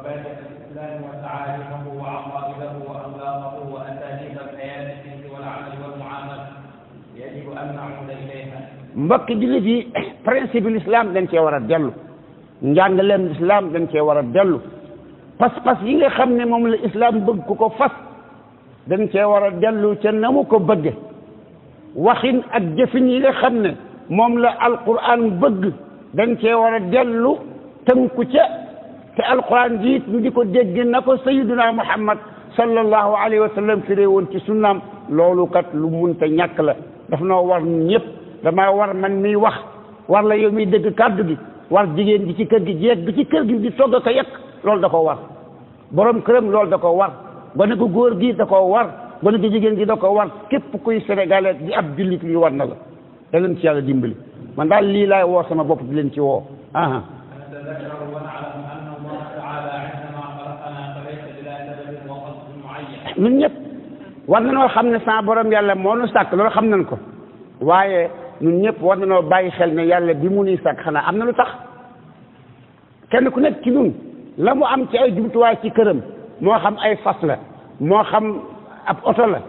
وبارك الاسلام وتعاليمه وعقائده واخلاقه واساليب الحياه فيه والعمل والمعامله يجب ان نعود اليها mbokk julit yi principe l'islam dañ cee war a dellu njàngaleem l'islam dañ cee war a dellu pas-pas yi nga xam ne moom la islam bëgg ku ko fas dañ cee war a dellu ca na mu ko bëgge waxin ak jëfin yi nga xam ne moom la alquran bëgg dañ cee war a dellu tënku ca te alquran jiit ñu di ko dégg na ko sayiduna muhammad sallallahu alayhi wa sallam firee woon ci sunnaam loolu kat lu mun ta ñàkk la daf noo war ñëpp dama war man miy wax war la yow dëgg dégg kàddu gi war jigéen gi ci kër gi jeeg bi ci kër gi di togg ko yekk loolu da ko war boroom këram loolu da ko war gone gu góor gi da ko war gone gu jigéen gi da ko war képp koy sénégalais di ab jullit li war na la da leen ci yàlla dimbali man daal lii laay woo sama bopp di leen ci woo ñun ñëpp war noo xam ne sa boroom yàlla moo nu sàkk loolu xam nañ ko waaye ñun ñëpp war nanoo bàyyi xel ne yàlla bi mu nuy sàkk xanaa am na lu tax kenn ku nekk ci ñun la mu am ci ay jumtuwaay ci këram moo xam ay fas la moo xam ab oto la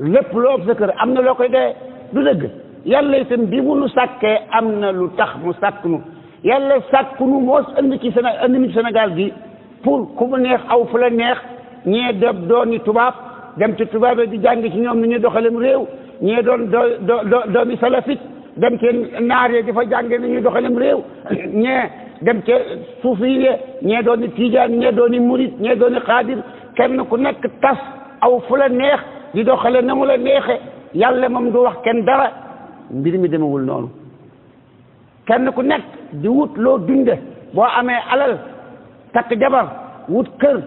lépp loo am kër am na loo koy dee du dëgg yàlla itam bi mu nu sàkkee am na lu tax mu sàkk nu yàlla sàkk nu moo indi ci Sénégal indi ci Sénégal gi pour ku mu neex aw fu la neex ñee dem dooni tubaab dem ci tubaab di jàng ci ñoom ni ñu doxalem réew ñee doon doomi salafit dem ci naaree di fa jànge ni ñu doxalem réew ñee dem ci suufi ye ñee dooni tiijaan ñee dooni murit ñee dooni xaadir kenn ku nekk tas aw fu la neex di doxale na mu la neexe yàlla moom du wax kenn dara mbir mi demewul noonu kenn ku nekk di wut loo dunde boo amee alal takk jabar wut kër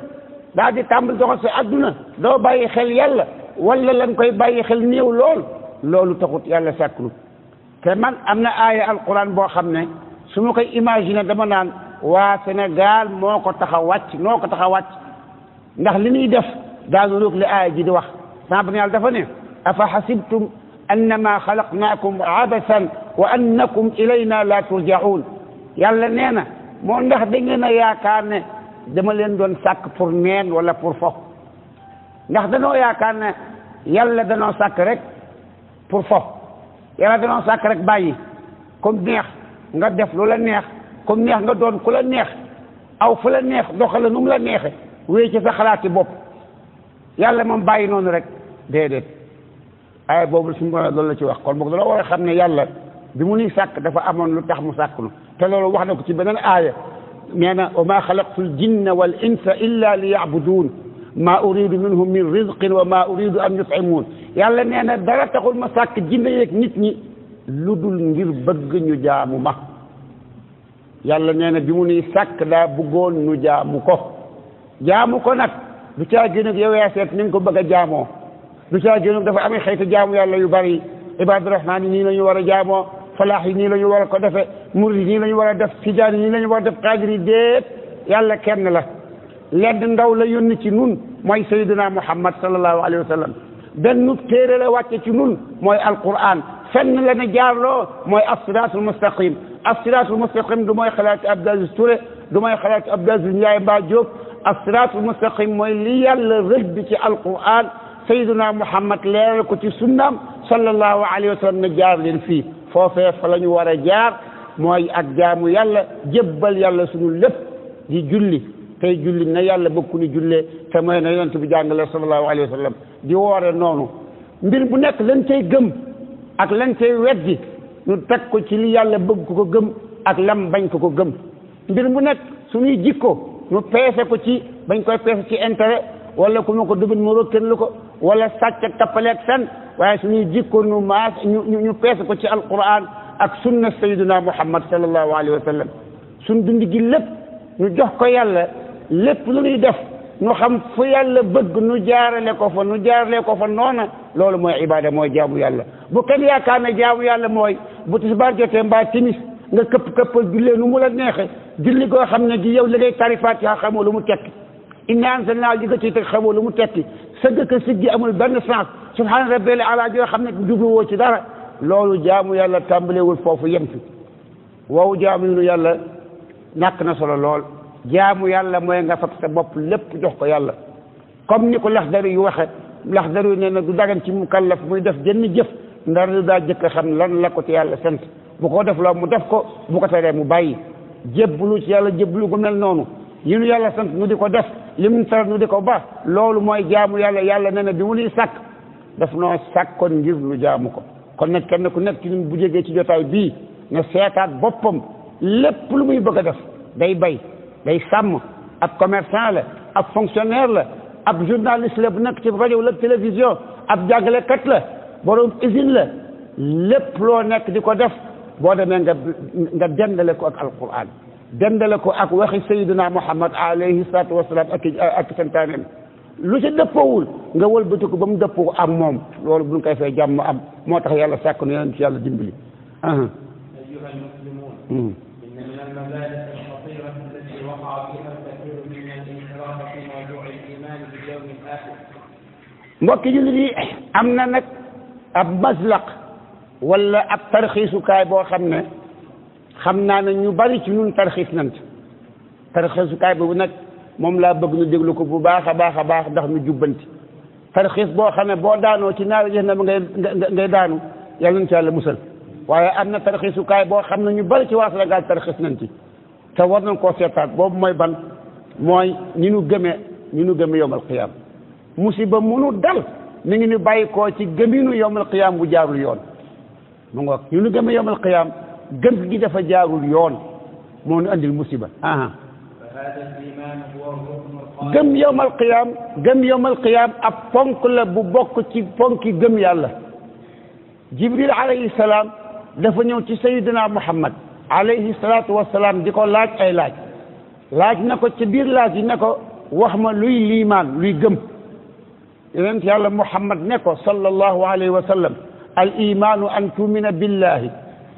دادي تامل دوغا سي ادنا دو باي خيل يالا ولا لا نكاي باي خيل نيو لول لولو تاخوت يالا ساكلو كمان امنا ايه القران بو خامني سمو كاي ايماجينا دما نان وا سنغال موكو تاخا واتش نوكو تاخا واتش نخ لي ني ديف دا نوك لي ايه جي دي واخ سامبني يالا دافا افا حسبتم انما خلقناكم عبثا وانكم الينا لا ترجعون يالا نينا مو نخ دي نينا ياكار dama leen doon sàkk pour neen wala pour fo ndax danoo yaakaar ne yàlla danoo sàkk rek pour fo yàlla danoo sàkk rek bàyyi comme neex nga def lu la neex comme neex nga doon ku la neex aw fu la neex doxala nu mu la neexe wéy ci sa xalaati bopp yàlla moom bàyyi noonu rek déedéet ay boobu suñ borom loolu la ci wax kon boog dala war a xam ne yàlla bi mu nuy sàkk dafa amoon lu tax mu sàkk nu te loolu wax na ko ci beneen aaya وما خلقت الجن والإنس إلا ليعبدون ما أريد منهم من رزق وما أريد أن يطعمون يلا يعني أنا دارا تقول مساك الجن يك نتني لدول نجير بغ نجامو ما يلا يعني أنا بموني ساك لا بغون نجامو كو جامو كو نك بجا جنوك يو ياسيت ننكو بغا جامو بجا جنوك دفع أمي خيط جامو يلا يباري عباد الرحمن نينا يوار جامو falaax yi nii la ñu war a ko defee murid nii la ñu war a def tijaan nii la ñu war a def xaadir yi déet yàlla kenn la lenn ndaw la yónni ci nun mooy sayyidina muhammad sallallahu alayhi wa sallam benn téere la wàcce ci nun mooy alquran fenn la ne jaarloo mooy assiraatul mustaqim assiraatul mustaqim du mooy xalaati Abdou Aziz Touré du mooy xalaati Abdou Aziz Ndiaye Mba Diop assiraatul mustaqim mooy li yàlla rëdd ci alquran sayyidina muhammad leeral ko ci sunnaam sallallahu alayhi wa sallam ne jaar leen fii foofee fa la ñu war a jaar mooy ak jaamu yàlla jébbal yàlla suñu lépp di julli tey julli na yàlla bëgg ni jullee te mooy na yonent bi jàngale la alayhi wa sallam di woore noonu mbir bu nekk lañ cay gëm ak lañ cay weddi ñu teg ko ci li yàlla bëgg ko gëm ak lam bañ ko ko gëm mbir mu nekk suñuy jikko ñu peese ko ci bañ koy peese ci intérêt wala ku ñu ko dubin mu rëkkanlu ko wala sàcc ak tappaleeg fen waaye suñuy jikko ñu maas ñu ñu peese ko ci alquran ak sunna sayyiduna muhammad sallallahu alayhi wa sallam suñ dund gi lépp ñu jox ko yàlla lépp lu ñuy def ñu xam fu yàlla bëgg nu jaarale ko fa nu jaarale ko fa noona loolu mooy ibada mooy jaamu yàlla bu kenn yaakaar ne jaamu yàlla mooy bu tisbaar jotee mbaa timis nga këpp këppal jullee nu mu la neexe julli koo xam ne gi yow li ngay tari fatiha xamoo lu mu tekki inna anzalnaa li nga ciy teg xamoo lu mu tekki sëgg ka siggi amul benn sens subhaana rabbil ala ji nga xam ne jublu woo ci dara loolu jaamu yàlla tàmbalewul foofu yem fi wow jaamu yunu yàlla ñàkk na solo lool jaamu yàlla mooy nga fab sa bopp lépp jox ko yàlla comme ni ko Laxdari yu waxe Laxdari yu nee na du dagan ci mukallaf muy def jënn jëf ndar du daa jëkk xam lan la ko ci yàlla sant bu ko def loo mu def ko bu ko teree mu bàyyi jébbalu ci yàlla jébbalu gu mel noonu yi nu yàlla sant nu di ko def li mu tere nu di ko ba loolu na bi mu nuy daf noo sàkkoon ngir lu jaamu ko kon nag kenn ku nekk ci ñun bu jógee ci jotaay bii na seetaat boppam lépp lu muy bëgg a def day bay day sàmm ab commerçant la ab fonctionnaire la ab journaliste la bu nekk ci rajo wala télévision ab jàngalekat la borom usine la lépp loo nekk di ko def boo demee nga nga dendale ko ak alquran dendale ko ak waxi sayyidina muhammad alayhi salatu wasalaam ak ak santaaneem lu ci dëppoowul nga wëlbati ko ba mu dëppoo ak moom loolu bu ñu koy fay jàmm am moo tax yàlla sàkk na yonent yàlla dimbali ayyuha almuslimun hmm. mbokki jullit yi am na nag ab maslak wala ab tarxiisukaay boo xam ne xam naa na ñu bari ci ñun tarxiis nant tarxiisukaay boobu nag moom laa bëgg ñu déglu ko bu baax a baax a baax ndax ñu jubbanti tarxiis boo xam ne boo daanoo ci naaw jahannam ngay ngay daanu yàlla nañ ci yàlla musal waaye am na tarxiisukaay boo xam na ñu bari ci waa Sénégal tarxiis nañ ci te war nañ koo seetaat boobu mooy ban mooy ñi nu gëmee ñu nu gëmee yomal qiyaam musiba munu dal mi ngi ñu bàyyi koo ci gëminu yomal qiyaam bu jaarul yoon mu ngoog ñu nu gëmee yomal qiyaam gëm gi dafa jaarul yoon moo nu andil musiba. gëm yowmal qiyam gëm yowmal qiyam ab fonk la bu bokk ci fonki gëm yàlla jibril alayhi salaam dafa ñëw ci sayidina muhammad alayhi salatu wasalaam di ko laaj ay laaj laaj na ko ci biir laaj yi ne ko wax ma luy liimaan luy gëm yonent yàlla muhammad ne ko sallallahu alayhi wa sallam al imaanu an tumina billahi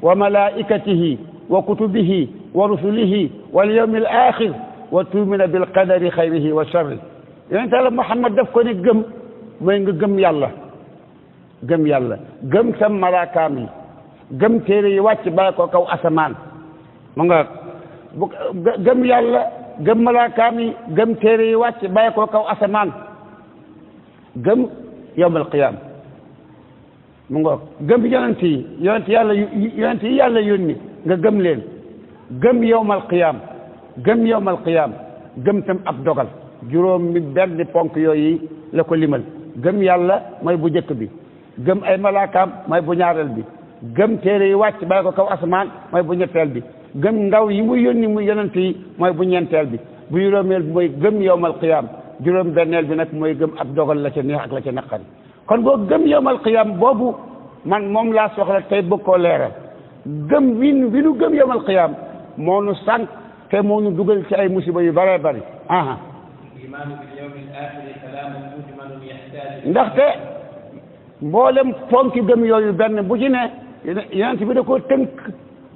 wa malaikatihi wa kutubihi wa rusulihi wal yawmi al axir وتؤمن بالqadari xayrihi wa sharri yonent Yàlla Muhammad daf ko ne gëm mooy nga gëm yàlla gëm yàlla gëm sam malaakaam yi gëm téere yi wàcc bàyyi ko kaw asamaan mu nga gëm yàlla gëm malaakaam yi gëm téere yi wàcc bàyyi ko kaw asamaan gëm yawmal qiyaama mu nga gëm yonent yi yonent yàlla yonent yi yàlla yónni nga gëm leen gëm yawmal qiyaama gëm yowmal qiyam gëm tam ab dogal juróom mi benn ponk yooyu la ko limal gëm yàlla mooy bu njëkk bi gëm ay malaakaam mooy bu ñaareel bi gëm téere yi wàcc bàyyi ko kaw asamaan mooy bu ñetteel bi gëm ndaw yi mu yónni mu yonent yi mooy bu ñeenteel bi bu juróomeel bi mooy gëm yowmal qiyam juróom benneel bi nag mooy gëm ab dogal la ca neex ak la ca naqari kon boo gëm yowmal qiyam boobu man moom laa soxla tey bëgg koo leeral gëm win winu gëm yowmal qiyaam moo nu sànq te moo ñu dugal ci ay musiba yu bare bari aha ndaxte mboolem fonki gëm yooyu benn bu ci ne yonent bi da koo tënk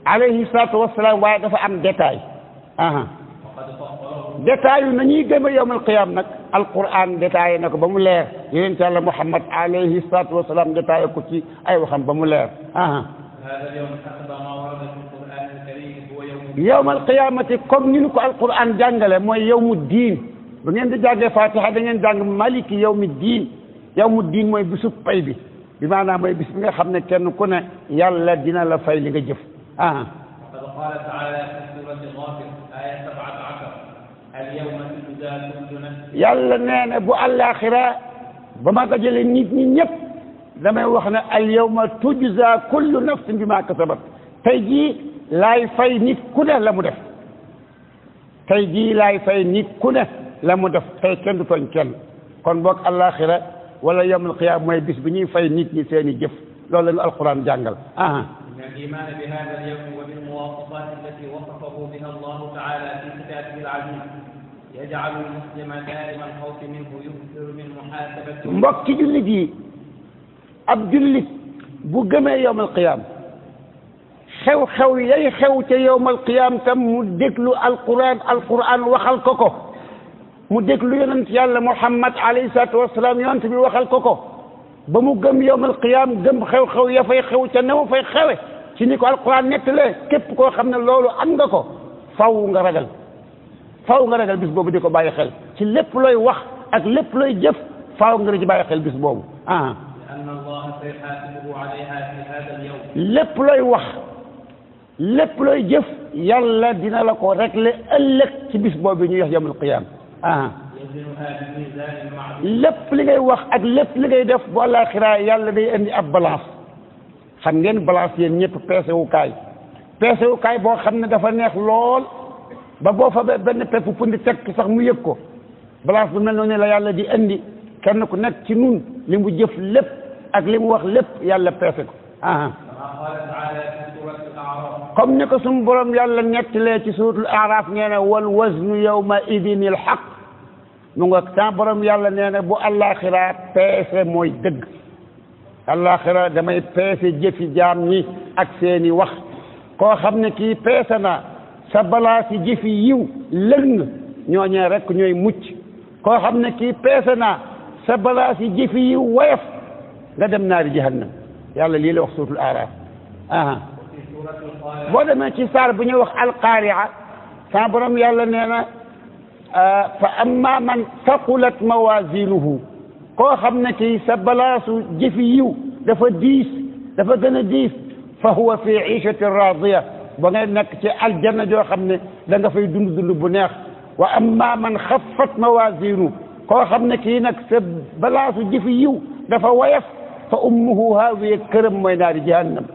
alayhi salaatu wasalaam waaye dafa am détail aha détail yu nañuy gëme yowmal qiyam nag alquran détaillé na ko ba mu leer yonent yàlla muhammad alayhi salaatu wasalaam détaillé ko ci ay waxam ba mu leer aha يوم القيامة كم نلقى القرآن جنجلة ما يوم الدين بعدين تجاه فاتحة بعدين جنج ملك يوم الدين يوم الدين ما يبصق بيبي بما أنا ما يبصق من خم نكنا كنا يلا الدين لا فايل نجف آه قال تعالى في سورة الغافل آية 17 اليوم تجزى كل نفس يلا نانا بو الآخرة بما تجل نيت نيت لما يروحنا اليوم تجزى كل نفس بما كسبت تجي laay fay nit ku ne la mu def tey jii laay fay nit ku ne la mu def tey kenn du tooñ kenn kon boog àllaaxira wala yawmul qiyaama mooy bis bi ñuy fay nit ñi seen i jëf loolu la ñu alquran jàngal aha الإيمان بهذا اليوم وبالمواصفات التي وصفه بها الله تعالى في كتابه العزيز يجعل المسلم دائما الخوف منه يكثر من محاسبته mbokki jullit yi ab jullit bu gëmee yawmul qiyaama خو خو يي خو يوم القيامة مدك له القرآن القرآن وخلقك مدك له ينت يالا محمد عليه الصلاة والسلام ينت بي وخلقك بمقام يوم القيامة جم خو خو في خو تنمو في خوي تنكو القرآن نتلي كيف كو خمنا لولو عندك فو نغرقل فو نغرقل بس بو بديكو باي خل تلف لوي وخ اك جف فو نغرقل باي خل بس بو آه. لأن الله سيحاسبه عليها في هذا اليوم لف لوي lépp looy jëf yàlla dina la ko régler ëllëg ci bis boobu ñuy wax yawmul qiyaam ah lépp li ngay wax ak lépp li ngay def bu àllaaxira yàlla day indi ab balance xam ngeen balance yéen ñëpp peese wu boo xam ne dafa neex lool ba boo fa benn peppu pundi teg sax mu yëg ko balance bu mel noonu la yàlla di indi kenn ku nekk ci nun li mu jëf lépp ak li mu wax lépp yàlla peese ko ah comme ni ko suñu borom yàlla nettalee ci suuratul Aaraaf nee na wal waznu yawma idin il xaq yàlla nee na bu àllaaxira peese mooy dëgg àllaaxira damay peese jëfi jaam ñi ak seeni wax koo xam ne kii peese na sa balaa si jëfi yiw ñoo ñooñee rekk ñooy mucc koo xam ne kii peese na sa balaa jëfi yiw woyof nga dem naari jahannam yàlla lii la wax suuratul Aaraaf aha ولما ما بنيوخ بني وخ القارعة صابرم نينا فأما من ثقلت موازينه كو خمنا كي سبلاس جفيو دفا ديس دفا ديس فهو في عيشة راضية بغير نك تي الجنة جو خمنا لنغا في دون دون بنيخ وأما من خفت موازينه كو خمنا كي نك سبلاس جفيو دفا ويف فأمه هاوية كرم وينار جهنم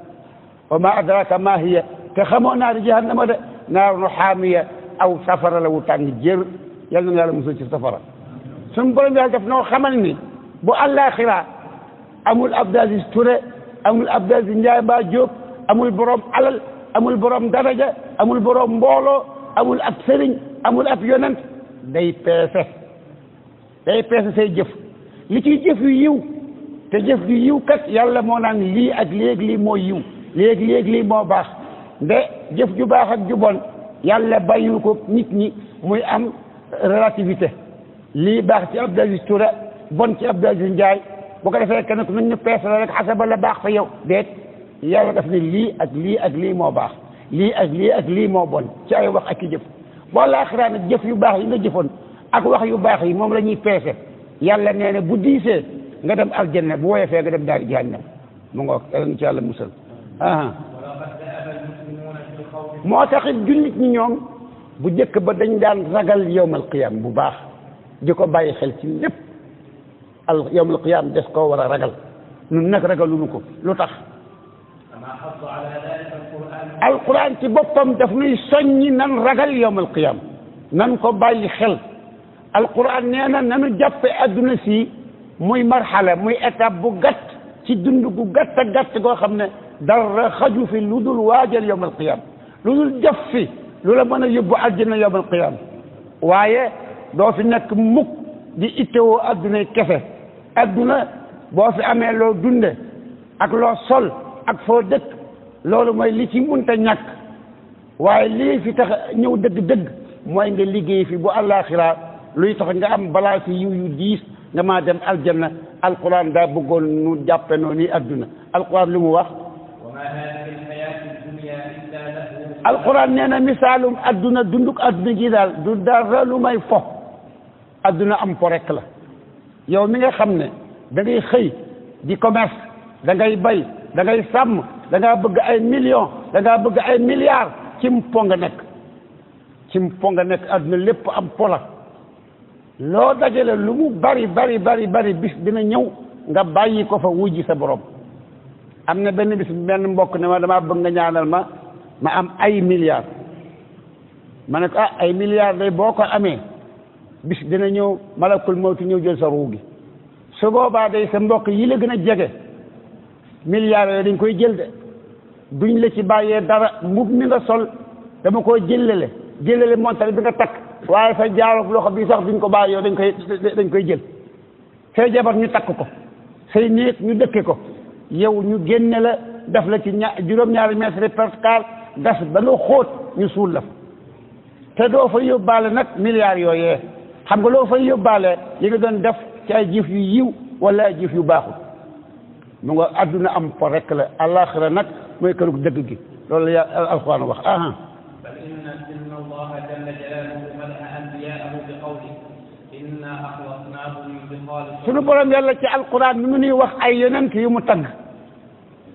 وما أدراك ما هي تخمو نار جهنم ولا نار حامية أو سفر لو تاني جر يلنا يلا مسوي سفرة ثم بلن يلا تفنو خملني بو الآخرة أمو الأبداز استرى أمو الأبداز نجاي باجوك أمو البروم علل أمو البروم درجة أمو البروم بولو أمو الأبسرين أمو الأبيونان داي بيسه داي بيسه سي جف لكي جف يو تجف يو كت يلا مونان لي أجليك لي مو يو léegi léegi lii moo baax ba jëf ju baax ak ju bon yàlla bàyyil ko nit ñi muy am relativité lii baax ci Abdou Aziz Touré bon ci Abdou Aziz Ndiaye bu ko defee kenn ku nañ ñu peese la rek xasaba la baax fa yow déet yàlla daf ne lii ak lii ak lii moo baax lii ak lii ak lii moo bon ci ay wax ak i jëf boo laaxiraa nag jëf yu baax yi nga jëfoon ak wax yu baax yi moom la ñuy peese yàlla nee na bu diisee nga dem aljanna bu woyefee nga dem daari jahannam mu ngoog yàlla na ci yàlla musal ah moo taxit jullit ñi ñoom bu njëkk ba dañ daan ragal yowmal qiyam bu baax di ko bàyyi xel ci lépp al yowmal qiyam des koo war a ragal ñun nag ragaluñu ko lu tax alquran ci boppam daf nuy soññi nan ragal yowmal qiyam nan ko bàyyi xel alquran nee na nanu jàppe adduna si muy marxala muy étape bu gàtt ci dund gu gàtt a goo xam ne dara xaju fi lu dul waajal yowm alqiyama lu dul def lu la mën a yóbbu àjjana yowm alqiyama waaye doo fi nekk mukk di ittewoo addunay kese adduna boo fi amee loo dunde ak loo sol ak foo dëkk loolu mooy li ci munta ñàkk waaye lii fi tax ñëw dëgg-dëgg mooy nga liggéey fi bu àllaaxira luy tax nga am balaa fi yiw diis nga maa dem aljanna alquran daa bëggoon nu jàppe noonu adduna alquran lu mu wax alquran nee na misaalum adduna dunduk adduna ji daal du dara lu may fo adduna am ko rek la yow mi nga xam ne dangay xëy di commerce da bay dangay sàmm da bëgg ay million da ngaa bëgg ay milliards cim po nga nekk cim po nga nekk adduna lépp am po la loo dajale lu mu bari bari bari bari bis dina ñëw nga bàyyi ko fa wujji sa borom am na benn bis benn mbokk ne ma damaa bëgg nga ñaanal ma ma am ay milliards ma ne ko ah ay milliards day boo ko amee bis dina ñëw malakul mawti ñëw jël sa ruu su boobaa day sa mbokk yi la gën a jege milliards yooyu dañ koy jël de duñ la ci bàyyee dara mbub mi nga sol dama koo jëlale jëlale montar bi nga takk waaye sa jaarok loxo bi sax duñ ko bàyyi dañ koy dañ koy jël say jabar ñu takk ko say néeg ñu dëkke ko yow ñu génne la def la ci ña juróom-ñaari mètre percale gas ba lu xóot ñu suul la te doo fa yóbbaale nag milliards yooyee xam nga loo fay yóbbaale yi nga doon def ci ay jëf yu yiw wala ay jëf yu baaxul mu nga àdduna am po rek la àllaaxira nag mooy kërug dëgg gi loolu la alquran wax aha fa inna allah jalla jalaluhu mala anbiyaahu bi qawlihi suñu borom yàlla ci alquran mi mu nuy wax ay yonent yu mu tagg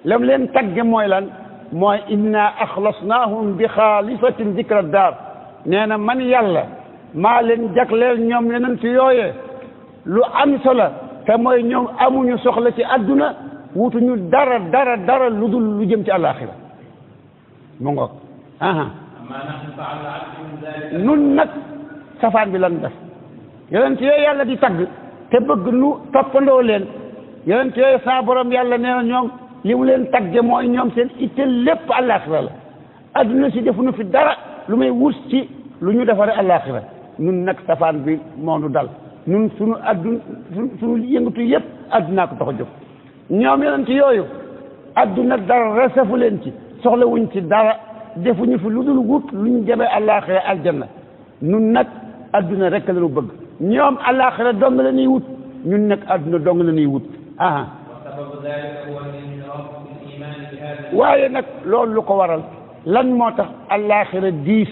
lam leen tagge mooy lan mooy inna axlasnaahum bi xaalisatin dikra daar nee na man yàlla maa leen jagleel ñoom yonent yooyee lu am solo te mooy ñoom amuñu soxla ci àdduna wutuñu dara dara dara lu dul lu jëm ci àllaaxira mu ngoog aha nun nag safaan bi lan def yonent yooyu yàlla di tagg te bëgg nu toppandoo leen yonent yooyu saa borom yàlla nee na ñoom li mu leen tagge mooy ñoom seen itte lépp àllaaxira la adduna si defuñu fi dara lu may wut ci lu ñu defaree àllaaxira nun nag safaan bi moonu dal nun suñu addun suñu yëpp addunaa ko tax a jóg ñoom yonent yooyu ci soxlawuñ ci dara defuñu fi lu dul wut lu ñu jëmee àllaaxira aljanna nun nag adduna rek la bëgg ñoom àllaaxira dong la ñuy wut ñun nag àdduna dong la ñuy wut aha waaye nag loolu lu ko waral lan moo tax àllaaxira diis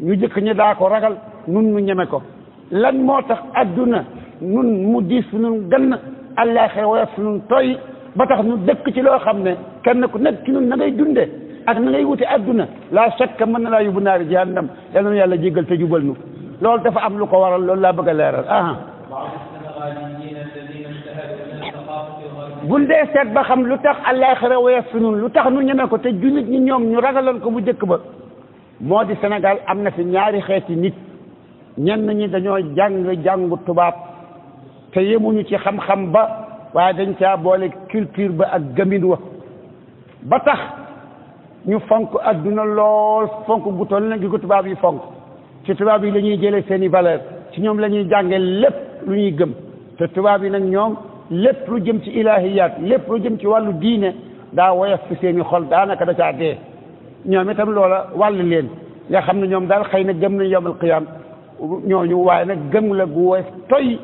ñu jëkk ñi daa ko ragal nun nu ñeme ko lan moo tax adduna nun mu diis fu nun gann àllaaxira woyof fu nun toy ba tax nu dëkk ci loo xam ne kenn ku nekk ki nun na ngay dunde ak na ngay wute àdduna laa shakka mën na laa yóbbu naari jahannam yal na yàlla jéggal te jubal nu لول دا فا ام لوكو وارال لول لا بغا ليرال اها بول دي سيت با خم لوتاخ الاخره ويسنون لوتاخ نون نيماكو تي جونيت ني نيوم ني راغالون كو بو ديك با مودي سنغال امنا في نياري خيتي نيت نين ني دانيو جانغ جانغ توباب تي يمو ني سي خم خم با واي دنج تا بولي كولتور با اك غامين وا با تاخ ñu fonk aduna lool fonk gutol na gi gutubaab yi fonk ci tubaab yi la jëlee seen valeur ci ñoom la ñuy jàngee lépp lu ñuy gëm te tubaab yi nag ñoom lépp lu jëm ci ilahiyaat lépp lu jëm ci wàllu diine daa woyof ci seen i xol daanaka da caa dee ñoom itam loola wàll leen nga xam ne ñoom daal xëy na gëm nañ yawmal qiyaam waaye nag gëm la gu woyof toy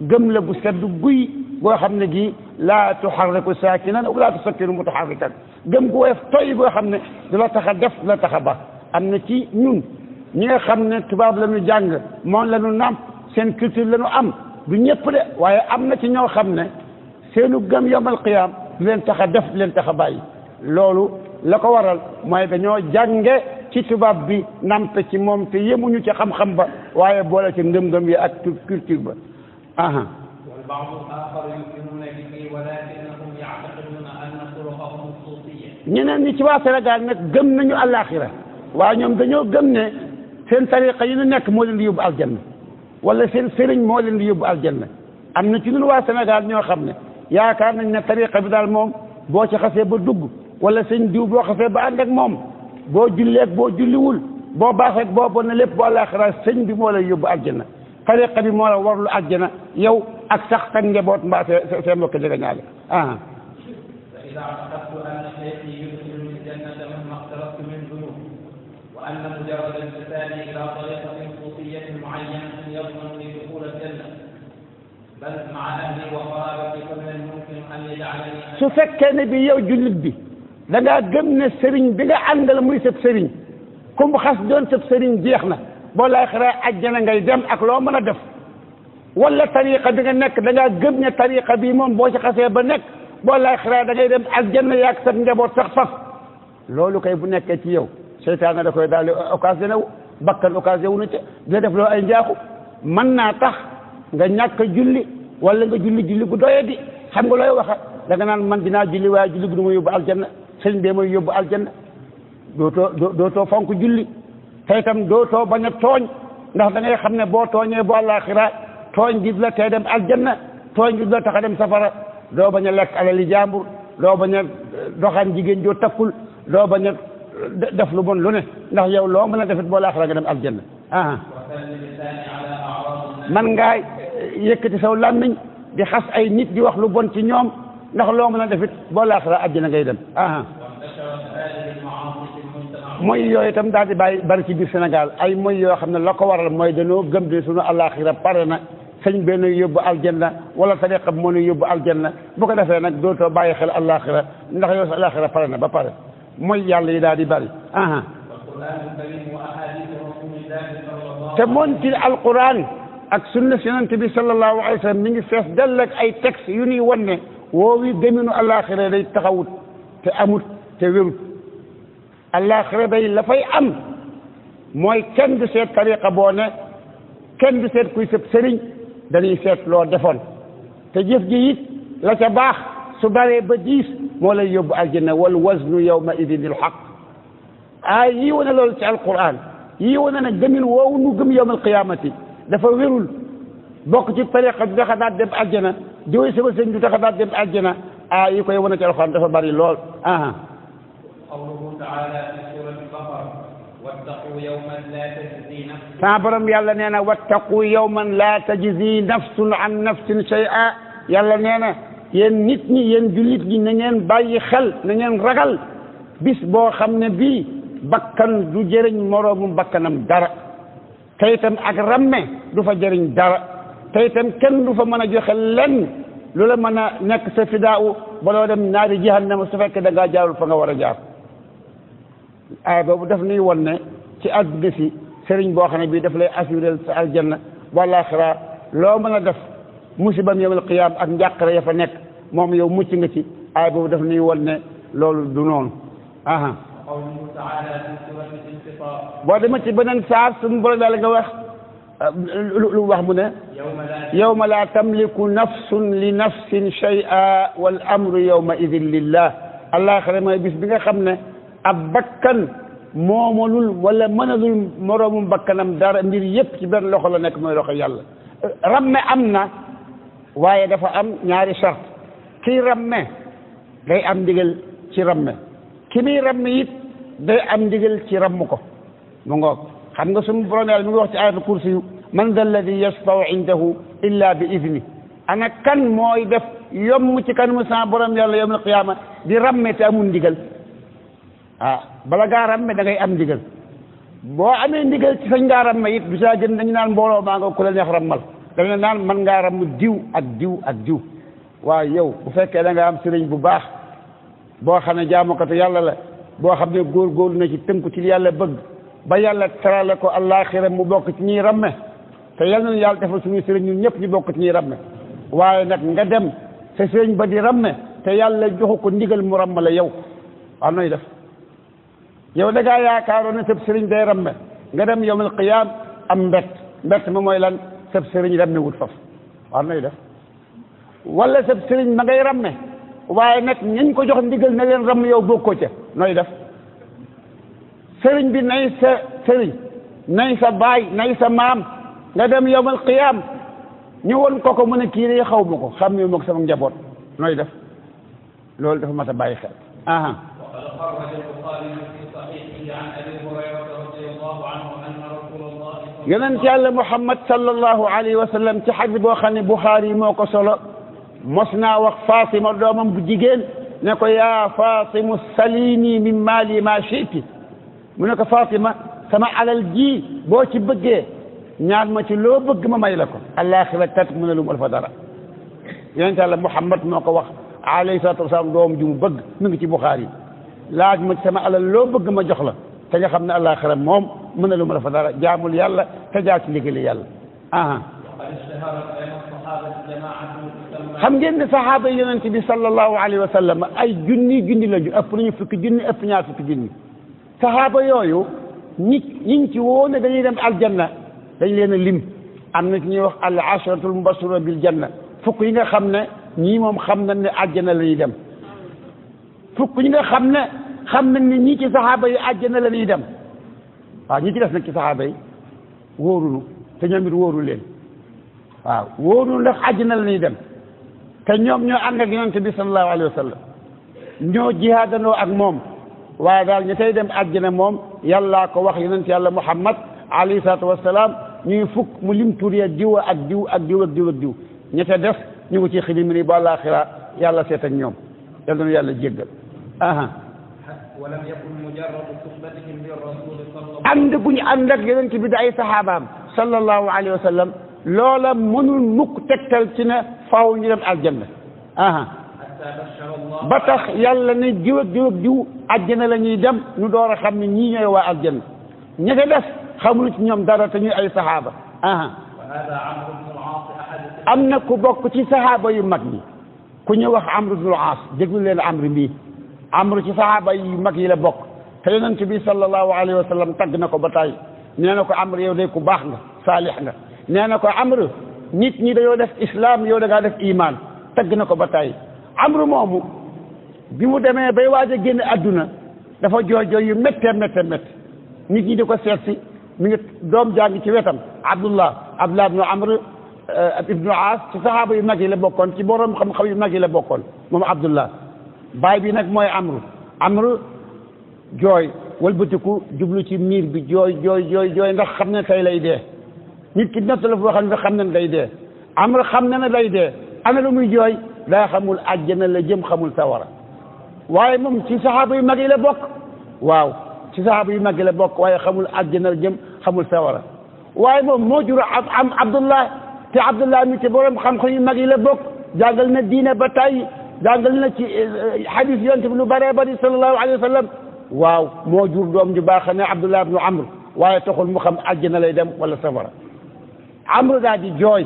gëm la gu sedd guy goo xam ne gii laa tuxarriku saakinan wala tusakiru mutaxarrikan gëm gu woyof toy goo xam ne du la tax a def la tax a ba am na ci ñun ñi nga xam ne tubaab la ñu jàng moom la ñu nàmp seen culture la ñu am du ñëpp de waaye am na ci ñoo xam ne seenu gëm yomal qiyaam lu leen tax a def leen tax a bàyyi loolu la ko waral mooy dañoo jànge ci tubaab bi nampe ci moom te yemuñu ci xam-xam ba waaye boole ci ngëm-ngëm yi ak culture ba aha ñeneen ñi ci waa Sénégal nag gëm nañu àllaaxira waaye ñoom dañoo gëm ne seen tariqa yi ñu nekk moo leen di yóbbu aljanna wala seen sëriñ moo leen di yóbbu aljanna am na ci ñun waa Sénégal ñoo xam ne yaakaar nañ ne tariqa bi daal moom boo ci xasee ba dugg wala seen diw boo xasee ba ànd moom boo julleeg boo julliwul boo baaxee boo bon na lépp boo laaxira sëñ bi moo lay yóbbu aljanna tariqa bi moo la warlu aljanna yow ak sax sa njaboot mbaa see see mbokk jegeñaale ah ان مجرد الانتقال الى طريقه خصوصيه معينه يضمن لدخول الجنه بل مع اهلي وقرابتي كل الممكن ان يجعلني سفكني بيوج لبي دغا جمنا سرين بلا عند الميت بسرين كم خاص دون تبسرين جيخنا بولا اخرى اجنا نغي دم اك لو مانا ولا طريقه دغا نك دغا طريقه بي بوش بو بنك خاسه با نك بولا اخرى دغا دم اجنا ياك سك نجبو تخفف لولو كاي بو seytaane da koy daal di wu bakkan occasionné wu na ca dina def loolu ay njaaxu man naa tax nga ñàkk julli wala nga julli julli gu doye di xam nga looy wax da naan man dinaa julli waaye julli gu du ma yóbbu aljanna sëñ bee mooy yóbbu aljanna dootoo dootoo fonk julli te itam dootoo bañ a tooñ ndax da xam ne boo tooñee boo àllaaxira tooñ gi la dem dem aljanna tooñ gi la tax a dem safara doo baña a lekk alali jàmbur doo bañ eh, jigéen joo takkul def lu bon lu ne ndax yow loo mën a defit boo laaxira nga dem aljanna aa man ngaa yëkkati saw làmmiñ di xas ay nit di wax lu bon ci ñoom ndax loo mën a defit boo laaxira aljanna ngay dem aa mooy yooyu itam daal di bàyyi bari ci biir Sénégal ay mooy yoo xam ne la ko waral mooy dañoo gëm di suñu àllaaxira pare na sëñ bee nuy yóbbu aljanna wala tariqa moo nuy yóbbu aljanna bu ko defee nag dootoo bàyyi xel àllaaxira ndax yow sa àllaaxira pare na ba pare موي يالله يدا دي بري اها القران القران اك سنه سنن تبي صلى الله عليه وسلم نيغي فيس دلك اي تكس يوني وني ووي دمنو الاخره دي تخاوت تي اموت تي ويرو الاخره دي لا فاي ام موي كين دي سيت طريقه بونه كين دي سيت كوي سيب سيرين داني سيت لو ديفون تي جيف جي لا تا باخ سو باري با 10 ولا يبعجن والوزن يومئذ للحق آي آه، يونا لو تعال القرآن يونا نجمل ونقم يوم القيامة دفرغلول بقتي الطريقة دخلت دب أجنة جوي سبب سنج دخلت دب أجنة آي آه كي يونا تعال القرآن دفرغلول آه قوله تعالى فابرم يلا نينا واتقوا يوما لا تجزي نفس عن نفس شيئا يلا نينا yéen nit ñi yéen jullit ñi na ngeen bàyyi xel na ngeen ragal bis boo xam ne bii bakkan du jëriñ moroomu bakkanam dara te itam ak ramme du fa jëriñ dara te itam kenn du fa mën a joxe lenn lu la mën a nekk sa fidaawu baloo dem naari jahannama su fekkee da ngaa jaarul fa nga war a jaar aaya boobu def nuy won ne ci àdduna si sëriñ boo xam ne bii daf lay assuré sa aljanna wala xira loo mën a def musibam yawmal qiyam ak njàqare ya fa nekk moom yow mucc nga ci aay boobu daf nuy won ne loolu du noonu aha boo demee ci beneen saar suñu borom daal nga wax lu wax mu ne yawma laa tamliku nafsun li nafsin shay'a wal amru yawma idin lillah allaaxira mooy bis bi nga xam ne ab bakkan moomalul wala mënalul moroomum bakkanam dara mbir yépp ci benn loxo la nekk mooy loxo yàlla ramme am na waaye dafa am ñaari sart kii ramme day am ndigal ci ramme ki muy ramme it day am ndigal ci ramm ko mu ngoog xam nga suñu borom yàlla mi ngi wax ci ayatul kursi yu man da alladi yashfau indahu illa bi idni ana kan mooy def yomm ci kanamu sa borom yàlla yawmal qiyaama di ramme te amul ndigal ah bala ngaa ramme da ngay am ndigal boo am ndigal ci sañ ngaa ramme it du saa gën dañu naan mbooloo maa ku la neex rammal dama ne naan mën ngaa ramm diw ak diw ak diw waaye yow bu fekkee da nga am sëriñ bu baax boo xam ne jaamukatu yàlla la boo xam ne góor góorgóorlu na ci tënku ci yàlla bëgg ba yàlla terale ko allaaxira mu bokk ci ñuy ramme te yal nañu yàlla defal suñuy sëriñ ñun ñëpp ñu bokk ci ñuy waaye nag nga dem sa sëriñ ba di ramme te yàlla joxu ko ndigal mu ramm la yow waaw nooy def yow da ngaa yaakaaroon ne sa sëriñ day ramme nga dem yawmal qiyaam am mbett mbett ma sab sëriñ ram ne wut faf war nay def wala sab sëriñ ma ngay ram ne waaye nag ñañ ko jox ndigal ne leen ram yow bokkoo ca nooy def sëriñ bi nay sa sëriñ nay sa baay nay sa maam nga dem yowmal qiyaam ñu won ko ko mu ne kii de xaw ma ko xam ne moog sama njaboot nooy def loolu dafa mat a bàyyi xel yonent yàlla muhammad sallallahu alayhi wa sallam ci xadis boo xam ne buxaari yi moo ko solo mos naa wax faasima doomam bu jigéen ne ko yaa faasimu salini min maali ma chiti mu ne ko faasima sama alal ji boo ci bëggee ñaan ma ci loo bëgg ma may la ko alaxira tat mu ne lu mu alfa dara yonent yàlla muhammad moo ko wax alayhi salatu wasalaam doom ji mu bëgg mu ngi ci buxaari laaj ma ci sama alal loo bëgg ma jox la te nga xam ne alaxira moom mën na lu ma la fa dara jaamul yàlla تجاك لقل يلا اها خم جن صحابه يونتي بي صلى الله عليه وسلم اي جني جني لا جني فك جني اف نيا فك جني صحابه يويو نيت نين تي وون دا ني دم الجنه دا ني لين ليم امنا ني وخ العشره المبشره بالجنه فك ييغا خمنا ني موم خمنا ني الجنه لا ني دم فك ييغا خمنا خمنا ني ني تي صحابه يو الجنه لا ني دم وا آه، ني تي داس نك صحابه wóorunu te ñoom it wóoru leen waaw wóorunu ndax àjjana la ñuy dem te ñoom ñoo ànd ak yonent bi sallallahu alayhi wa sallam ñoo jihaadandoo ak moom waaye daal ñu tey dem àjjana moom yàllaa ko wax yonent yàlla muhammad alayhi salaatu wasalaam ñuy fukk mu lim tur ya diw ak diw ak diw ak diw ak diw ña ca def ñu ngi ci xidimini ba àllaaxira yàlla seet ak ñoom yàlla na yàlla jéggal aha ولم يكن مجرد صحبتهم للرسول صلى الله عليه وسلم عند عندك يلنك بدعي صلى الله عليه وسلم لولا من المكتكتل سنة فاو نجرب الجنة أها بطخ يلا نجيو جيو جيو الجنة لني دم ندور خمني نيو الجنة نجلس خمرت نيوم دارتني أي صحابة أها وهذا عمرو بن العاص أحد أنك بقتي صحابة يمكني كن يوخ عمرو بن العاص جيقول لي العمر بيه amru ci sahaba yi mag yi la bok te yonent bi sallallahu alayhi wasallam tag nako batay ko ko amru yow de ku bax nga salih nga nee ko amru nit ñi dañu def islam yow da nga def iman tag nako batay amru momu bi mu deme bay waaj génn aduna dafa jojo yu méttee méttee méttee nit ñi diko ko mi ngi dom jang ci wetam abdullah abdullah ibn amru ibnu aas ci saxaaba yu mag yi la bokkoon ci borom xam-xam yu mag yi la bokkoon moom abdullah baay bi nag mooy amru amru jooy walbatiku jublu ci miir bi jooy jooy jooy jooy ndax xam ne tey lay dee nit ki nett la xam ne xam ne day dee amru xam ne ne day dee ana lu muy jooy daa xamul àjjana la jëm xamul sawara waaye moom ci saxaaba yu mag yi la bokk waaw ci saxaaba yu mag yi la bokk waaye xamul àjjana la jëm xamul sawara waaye moom moo jur am am abdullah te abdullah mi ci borom xam-xam yu mag yi la bokk jàngal na diine ba tàyyi jàngal na ci xadis yonte bi lu bare bari sallallahu alayhi wa sallam waaw moo jur doom ju baax ne abdullah ibnu amr waaye taxul mu xam àjjana lay dem wala safara amr daa di jooy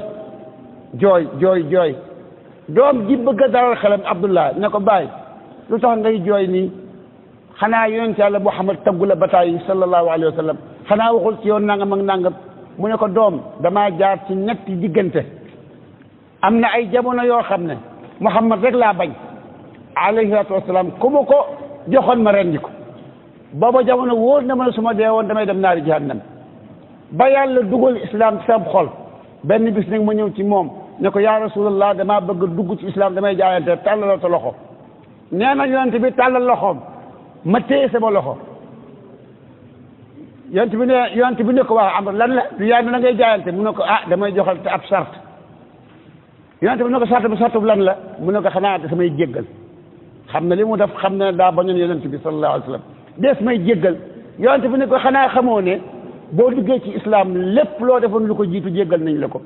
jooy jooy jooy doom ji bëgg a dalal xelam abdullah ne ko bàyyi lu tax ngay jooy nii xanaa yonent yàlla muhammad taggu la bataay yi sallallahu alayhi wa sallam xanaa waxul ci yoon nangam ak nangam mu ne ko doom damaa jaar ci ñetti diggante am na ay jamono yoo xam ne Muhammad rek laa bañ alayhi salaatu wasalaam ku ma ko joxoon ma rendi ko booba jamono wóor na ma suma su dee woon damay dem naari jahannam ba yàlla dugal islam ci sam xol benn bis nag ma ñëw ci moom ne ko yaa rasulallah damaa bëgg dugg ci islaam damay jaayante tàllalal sa loxo nee na yonent bi tàllal loxoom ma téye sama loxo yonent bi ne yonent bi ne ko wax am lan la du yaa na ngay jaayante mu ne ko ah damay joxal te ab sart yonente bi ne ko sart bi sartu lan la mu ne ko xanaa des may jéggal xam na li mu def xam na daa bañoon yonente bi sallallahu alayhi wa may jéggal yonente bi ne ko xanaa xamoo ne boo duggee ci islam lépp loo defoon lu ko jiitu jéggal nañ la ko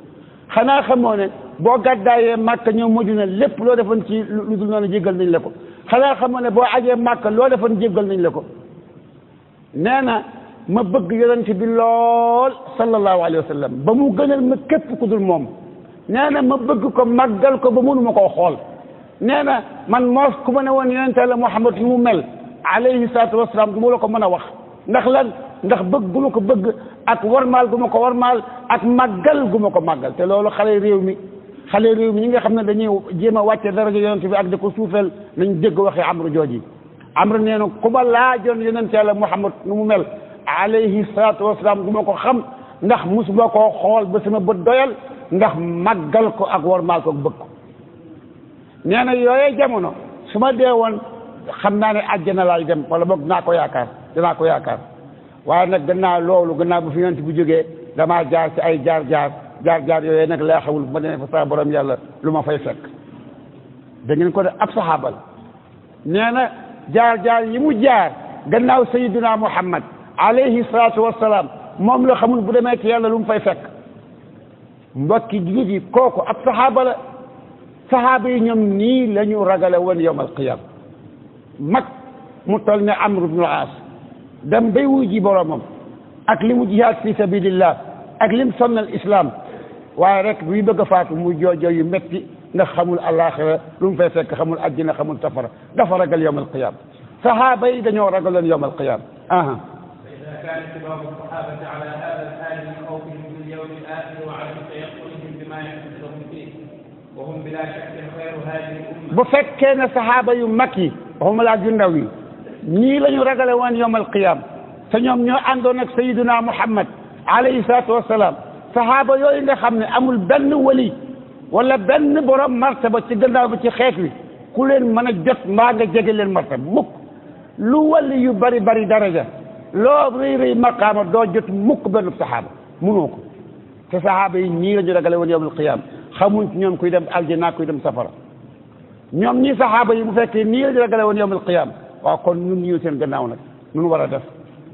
xanaa xamoo ne boo gàddaayee màkk ñëw Madina lépp loo defoon ci lu dul jéggal nañ la ko xanaa xamoo ne boo ajee màkk loo defoon jéggal nañ la ko nee na ma bëgg yonente bi lool sallallahu alayhi wa sallam ba mu gënal ma képp ku dul moom nee na ma bëgg ko màggal ko ba mënuma koo xool nee na man moos ku ma ne woon yonente la Muhammad nu mu mel alayhi salaatu wasalaam du ma la ko mën a wax ndax lan ndax bëgg gu ko bëgg ak warmaal gu ma ko war warmaal ak màggal gu ko màggal te loolu xale réew mi xale réew ñi nga xam ne dañuy jéem a wàcce daraja yonente bi ak di ko suufeel nañ dégg waxee amru jooji amru nee na ku ma laajoon yonente la Muhammad nu mu mel alayhi salaatu wasalaam du ma ko xam ndax mosuma koo xool ba sama bët doyal ndax màggal ko ak wormaal ko bëgg ko nee jamono su ma dee xam naa ne àjjana laay dem wala boog naa ko yaakaar dinaa ko yaakaar waaye nag gannaaw loolu gannaaw bu fi yonent bu jógee damaa jaar ci ay jaar jaar jaar jaar yooyee nag laa xewul bu ma demee fa saa lu ma fay fekk da ko def ab saxaabal nee na jaar jaar yi mu jaar gannaaw sayyidina muhammad alayhi salaatu wassalaam moom la xamul bu demee ci yàlla lu mu fay fekk mbokki jullit yi kooku ab saxaaba la saxaaba yi ñoom nii la ñu ragale woon yowm alqiyam mag mu tol ne amr ibnul aas dem bay wuy ji boromam ak li mu jihaad fi sabilillah ak lim sonnal islam waaye rek buy bëgg a faatu mu joojoo yu metti nga xamul alaxira lu mu fay fekk xamul àddina xamul safara dafa ragal yowm alqiyam saxaaba yi dañoo ragaloon yowm alqiyam aha اليوم الاخر وعدم تيقنهم بما يحدث فيه وهم بلا شك خير هذه الامه بفكنا صحابه مكي هم الاجنبي ني لا نرجل وان يوم القيامه فنيوم نيو اندون سيدنا محمد عليه الصلاه والسلام صحابه يوي نغا خامني امول بن ولي ولا بن برم مرتبه سي غنداو سي خيتلي كولين مانا جوت ماغا جيجلين مرتبه موك لو ولي يو بري درجه لو ري مقام دو جوت موك بن صحابه منوكو te saxaaba yi ñii la ñu ragale woon yowmal qiyaam xamuñ ci ñoom kuy dem aljana kuy dem safara ñoom ñii saxaaba yi bu fekkee nii la ñu ragale woon yowmal qiyaam waaw kon ñun ñëw seen gannaaw nag nun war a def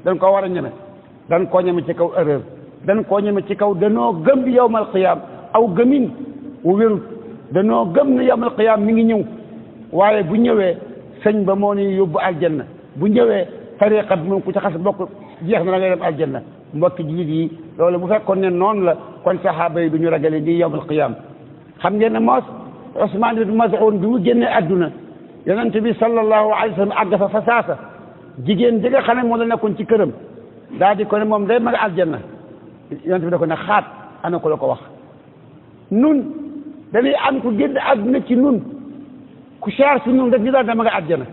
dañ koo war a ñeme dan koo ñeme ci kaw erreur dan koo ñeme ci kaw danoo gëm bi yowmal qiyaam aw gëmin wu wérut danoo gëm ne yowmal qiyaam mi ngi ñëw waaye bu ñëwee sëñ ba moo ni yóbbu aljanna bu ñëwee tariqa bi moom ku ci xas bokk jeex na da ngay dem aljanna kon sahaba yi bi ñu ragale di yowmal qiyaam xam ngeen ne moos Usmaan ibn Mazuun bi mu génne aduna yonent bi sallallahu alayhi wa sallam àgg fa fasasa jigen diga ji mo la nekkoon ci kërëm daal di ko ne moom day mag aljanna yonent bi da ko ne xaat ana ko la ko wax nun dañuy am ku génn aduna ci nun ku saar ci nun rek ñu daal dama nga àjjana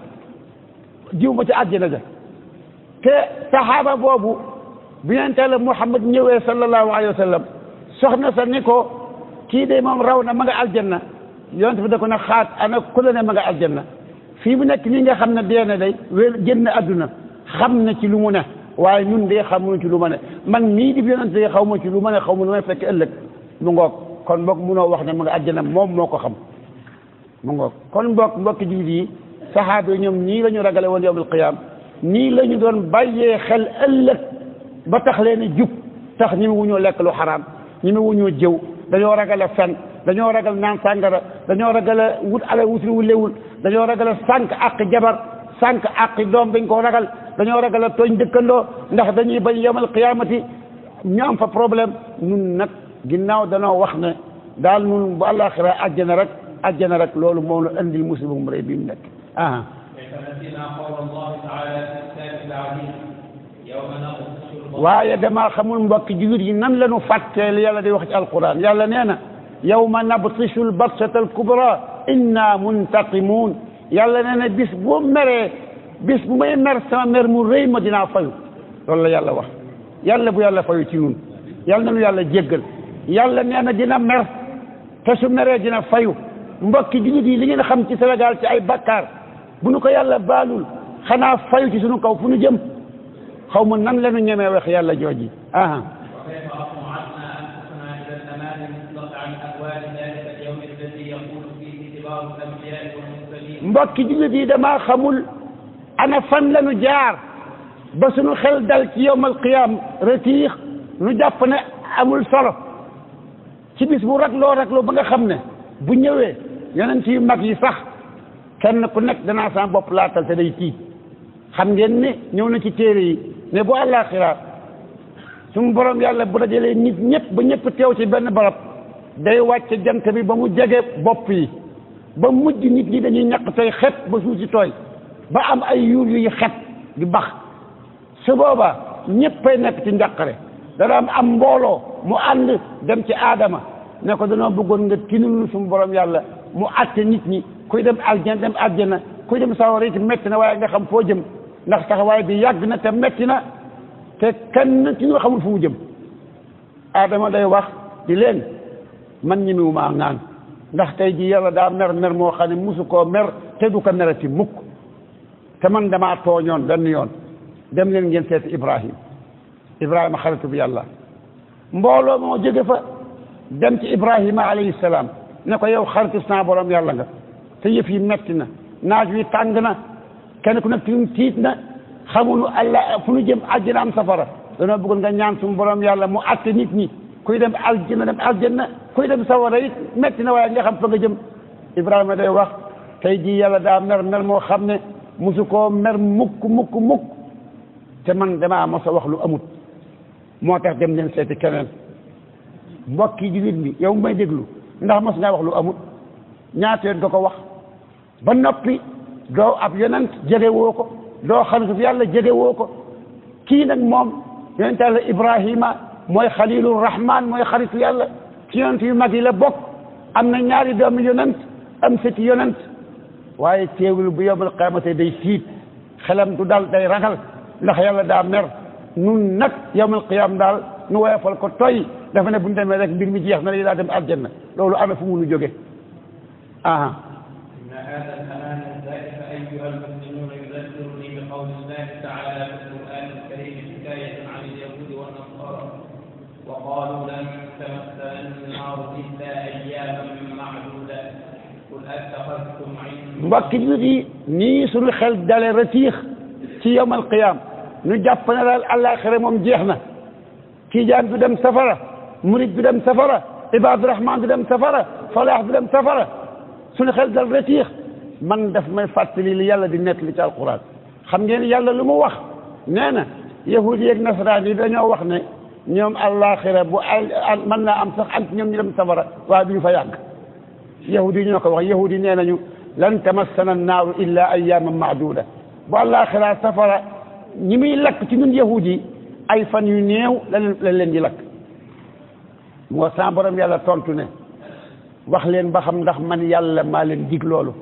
jiw ma ci aljanna ja te sahaba boobu bi yonent Yàlla Muhammad ñëwee sallallahu alayhi wa sallam soxna sa ni ko kii de moom raw na ma nga aljanna yonent bi da ko ne xaat ana ku la ne ma nga aljanna fii mu nekk nii nga xam ne dee na day wér génn àdduna xam na ci lu mu ne waaye ñun de xamuñu ci lu ma ne man mii di xaw ma ci lu ma ne xaw ma lu may fekk ëllëg mu ngoog kon boog munoo wax ne ma nga aljanna moom moo ko xam mu kon boog mbokki jiw yi saxaaba yi ñoom nii la ñu ragale woon yawmal qiyaam nii la ñu doon bàyyee xel ëllëg ba tax leen jub tax ñi wuñoo lekk lu xaraam ñeme wuñu jëw dañoo ragal a fen dañoo ragal naan sàngara dañoo ragal a wut ala wutri wu lewul dañoo ragal a sànq àq jabar sànk àq doom dañ ko ragal dañoo ragal a tooñ dëkkandoo ndax dañuy bañ yemal qiyaamati ñu am fa problème nun nag ginnaaw danoo wax ne daal nun bu àllaaxira àjjana rek àjjana rek loolu moom la andil musiba mu rëy bi mu nekk ah. waaye dama xamul mbokk jullit yi nan la ñu fàtteel yàlla di wax ci alquran yàlla nee na yawma nabtisu lbatsata alkubra inna muntaqimun yàlla nee na bis bu meree bis bu may mer sama mer mu rëy ma dinaa fayu loolu la yàlla wax yàlla bu yàlla fayu ci ñun yàlla nañu yàlla jéggal yàlla nee na dina mer te su meree dina fayu mbokki jullit yi li ngeen xam ci Sénégal ci ay bakkaar bu nu ko yàlla baalul xanaa fayu ci sunu kaw fu nu jëm xaw ma nan la ñu ñemee wax yàlla jooji aha mbokki jullit yi damaa xamul ana fan la ñu jaar ba suñu xel dal ci yowmal qiyaam retiix nu jàpp ne amul solo ci bis bu ragloo ragloo ba nga xam ne bu ñëwee yonent yu mag yi sax kenn ku nekk danaa sama bopp laatal te day tiit xam ngeen ne ñëw na ci téere yi ne bu àllaaxira suñu borom yàlla bu dajalee nit ñëpp ba ñëpp teew ci benn barab day wàcce jant bi ba mu jege bopp yi ba mujj nit ñi dañuy ñàkk tey xet ba suuf si tooy ba am ay yuur yuy xet di bax su boobaa ñëppay nekk ci njàqare dana am am mbooloo mu ànd dem ci aadama ne ko danoo bëggoon nga tinul suñu borom yàlla mu àtte nit ñi kuy dem aljana dem aljana kuy dem sawara it metti na waaye nga xam foo jëm ndax taxawaay bi yàgg na te metti na te kenn ci ñu xamul fu mu jëm aadama day wax di leen man ñi ñemewu maa ngaan ndax tey ji yàlla daa mer mer moo xam ne musu koo mer te du ko merati mukk te man damaa tooñoon benn yoon dem leen ngeen seeti ibrahim ibrahim xaritu bi yàlla mbooloo moo jóge fa dem ci ibrahima alayhi salaam ne ko yow xaritu saa borom yàlla nga te yëf yi metti na naaj wi tàng na كان كنا كن تيتنا خمون ألا فنجم أجرام سفرة دونا بقول كان يام سون برام يلا مو أتنيت ني كويدم الجنة دم الجنة كويدم سوارة يت متنا ويا نجح فنجم إبراهيم ده وقت تيجي يلا دام نر نر مو خمنة مسكو مر مك مك مك تمن دما آه مس وخلو أموت مو تقدم نفس كمان مكي جديد مي يوم ما يدقلو نه مس نا وخلو أموت نعتير دكوا وقت بنا بي doo ab yonent jege woo ko doo xaritub yàlla jege woo ko kii nag moom yonent yàlla ibrahima mooy xalilu rahman mooy xaritu yàlla ci yonent yu mag yi la bokk am na ñaari doomi yonent am sëti yonent waaye teewul bu yowmal qiyaamate day tiit xelam du dal day ragal ndax yàlla daa mer nun nag yowmal qiyaam daal nu woyofal ko toy dafa ne bu ñu demee rek mbir mi jeex na la daa dem aljanna loolu ana fu munu jóge aha mbokki ñu di nii suñu xel dale retiix ci yowmal qiyaam nu jàpp na daal àllaaxira moom jeex na tiijaan du dem safara murid du dem safara ibaadu rahmaan du dem safara falaax du dem safara suñu xel dal retiix man daf may fàttali li yàlla di nekk li ci alquran xam ngeen yàlla lu mu wax nee na yahudi yeeg nasaraan yi dañoo wax ne ñoom àllaaxira bu al mën naa am sax ant ñoom ñu dem safara waaye du fa yàgg yahudi ñoo ko wax yahudi nee nañu لن تمسنا النار الا اياما معدوده بعد الاخر سفر نيمي لك تي نون يهودي اي فان يو نيو لن لك مو سان بروم يالا تونتو ني واخ لين با خم داخ مان يالا ما لين ديك لولو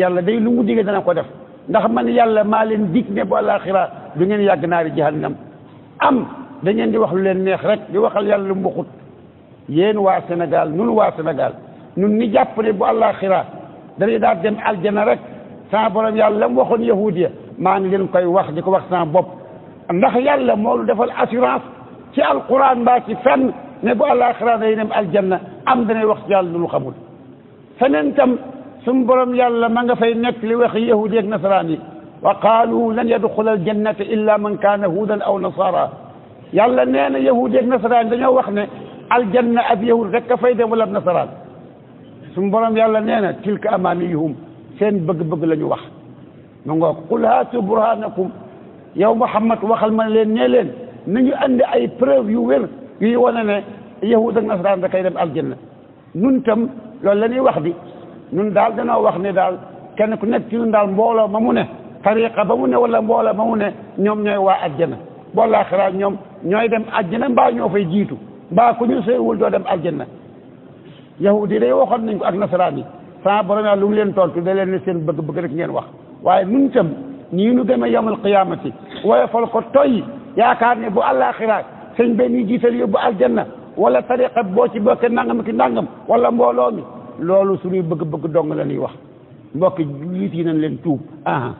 يالا داي لو مودي دا نكو داف داخ مان يالا ما لين ديك ني بو الاخره دو نين ياغ نار جهنم ام دا نين دي واخ لين نيه رك دي واخال يالا مبخوت يين وا سنغال نون وا سنغال نون ني جاب ني بو dañuy daal dem aljana rek sa borom yàlla la mu waxoon yahudiya maa ngi leen koy wax di ko wax sama bopp ndax yàlla moo lu defal assurance ci alquran mbaa ci fenn ne bu àllaaxira day dem aljanna am danay wax ci yàlla lu mu xamul feneen tam suñu borom yàlla ma nga fay nekk li wax yahudiya ak nasaraan yi wa qaalu lan yadxula aljannata illa man kaana huudan aw nasara yàlla nee na yahudiya ak nasaraan dañoo wax ne aljanna ab yahud rek ka fay dem wala ab nasaraan suñu borom yàlla nee na tilka amaniyuhum seen bëgg-bëgg lañu wax mu ngoog qul haatu burhanakum yow Muhammad waxal ma leen ne leen nañu andi ay preuve yu wér yuy wane ne yahud ak nasaraan da kay dem aljanna nun tam loolu la ñuy wax di nun daal danoo wax ne daal kenn ku nekk ci daal mbooloo ma mu ne tariqa ba mu ne wala mbooloo ma mu ne ñoom ñooy waa aljanna boo laaxiraa ñoom ñooy dem aljanna mbaa ñoo fay jiitu mbaa ku ñu sëywul doo dem aljanna yahudi day waxon nañ ko ak nasrani yi borom yàlla lu mu leen tontu da leen ne seen bëgg-bëgg rek ngeen wax waaye nun tam ni nu yamul qiyamati qiyaamati fal ko toy yaakaar ne bu àllaaxira sëñ benn yi jiital yóbbu aljanna wala tariqa bo ci bokk nangam ki nangam wala mbolo mi loolu suñu begg bëgg-bëgg dong la ni wax mbokk jullit yi nañ leen tuub aha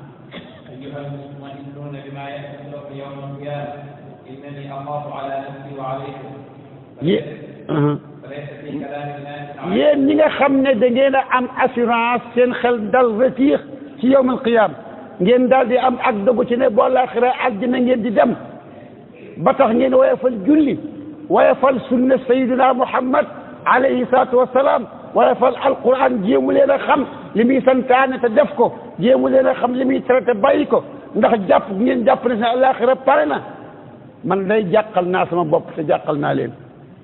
Yeah. Uh -huh. yéen ñi nga xam ne da ngeen a am assurance seen xel dal retiix ci yowmal qiyaam ngeen daal di am ak dogu ci ne boo laaxira àjjana ngeen di dem ba tax ngeen woyofal julli woyofal sunna sayyidina muhammad alayhi salaatu wasalaam woyofal alquran jéemu leen a xam li muy santaane te def ko jéemu leen a xam li muy tere te bàyyi ko ndax jàpp ngeen jàpp ne seen àllaaxira pare na man day jàqal naa sama bopp te jàqal naa leen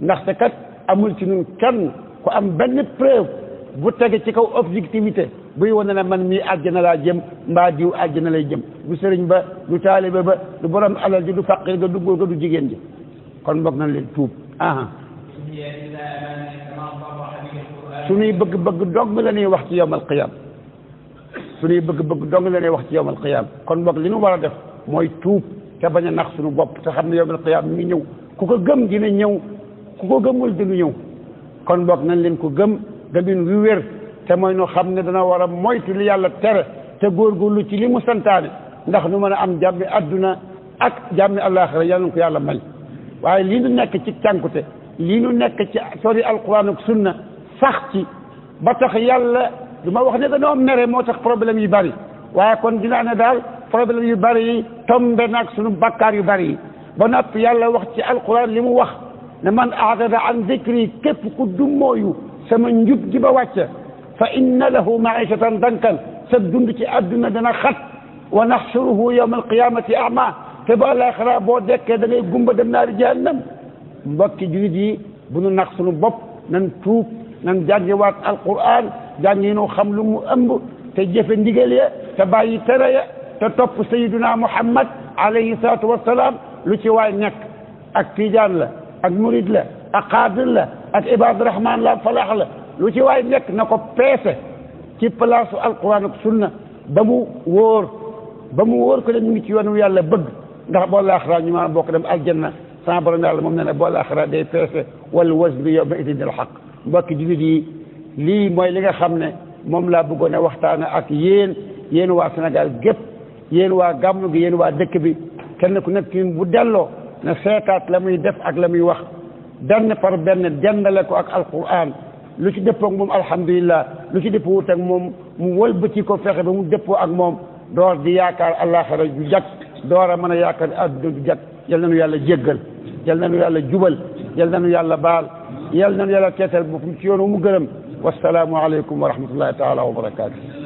ndaxte kat amul ci ñun kenn ku am benn preuve bu tege ci kaw objectivité buy wane na man mii àjjana laa jëm mbaa diw na lay jëm du sëriñ ba du taalibe ba du borom alal ji du faqir ga du góor ga du jigéen ji kon bokk nañ leen tuub su nuy bëgg-bëgg dong la nuy wax ci yowmal qiyam suñuy bëgg-bëgg dong la ñuy wax ci yowmal qiyam kon bokk li ñu war a def mooy tuub te bañ a nax suñu bopp te xam ne yowmal qiyam mi ngi ñëw ku ko gëm dina ñëw ku ko gëmul di lu ñëw kon boog nañ leen ko gëm gëmin wi wér te mooy nu xam ne dana war a moytu li yàlla tere te góorgóorlu ci li mu santaane ndax nu mën a am jàmmi adduna ak jàmmi àllaaxira yàlla na ko yàlla may waaye lii nu nekk ci cànkute lii nu nekk ci sori alquran ak sunna sax ci ba tax yàlla du ma wax ne dañoo mere moo tax problème yu bari waaye kon dinaa ne daal problème yu bari yi tombe naag sunu bakkaar yu bari yi ba noppi yàlla wax ci alquran li mu wax ne man aadada an zikri képp ku dummooyu sama njub gi ba wàcce fa inna lahu maishatan dankan sa dund ci àdduna dana xat wa naxsuruhu yawma alqiyamati ama te ba alaxira boo dekkee da ngay gumba dem naari jahannam mbokki julit yi bu nu nax sunu bopp nan tuub nan jàngiwaat alquran jàngi nu xam lu mu ëmb te jëfe ndigal ya te bàyyi tere ya te topp sayiduna muhammad alayhi salatu wasalaam lu ci waay nekk ak tiijaan la ak murid la ak xaadir la ak ibaadu rahmaan la falaax la lu ci waay nekk na ko peese ci palaasu alquran ak sunna ba mu wóor ba mu wóor ko ne mu ngi ci yoonu yàlla bëgg ndax boo laaxira ñu maanaam bokk dem aljanna sama borom yàlla moom ne ne boo laaxira day peese wal wazn yawma idin al xaq mbokki jullit yi lii mooy li nga xam ne moom laa bëggoon a waxtaane ak yéen yéen waa Sénégal gépp yéen waa gàmmu gi yéen waa dëkk bi kenn ku nekk bu delloo na seetaat la muy def ak la muy wax benn par benn dendale ko ak alquran lu ci dëppoo ak moom alhamdulilah lu ci dëppoo ak moom mu wëlbati ko fexe ba mu dëppoo ak moom door di yaakaar àllaaxira ju jag door a mën a yaakaar adduna ju jag yal nañu yàlla jéggal yal nañu yàlla jubal yal nañu yàlla baal yal nañu yàlla keetal boppam ci yoon mu gërëm wasalaamu aleykum wa rahmatullahi taala wa barakaatu